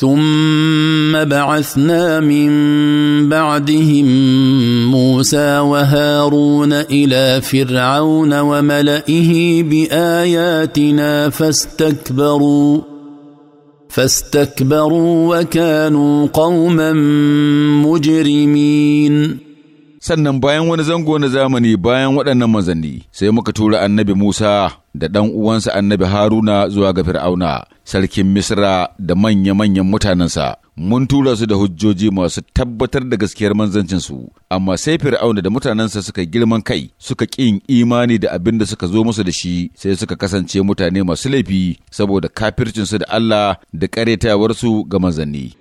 ثم بعثنا من بعدهم موسى وهارون الى فرعون وملئه باياتنا فاستكبروا فاستكبروا وكانوا قوما مجرمين سنن bayan wani zango na zamani bayan waɗannan manzanni sai muka tura da ɗan uwansa annabi Haruna zuwa ga Fir'auna, sarkin Misra da manya-manyan mutanensa. Mun tura su da hujjoji masu tabbatar da gaskiyar manzancinsu, amma sai Fir'auna da mutanensa suka girman kai, suka ƙin imani da abin da suka zo musu da shi, sai suka kasance mutane masu laifi saboda kafircinsu da Allah da ƙaretawarsu ga manzanni.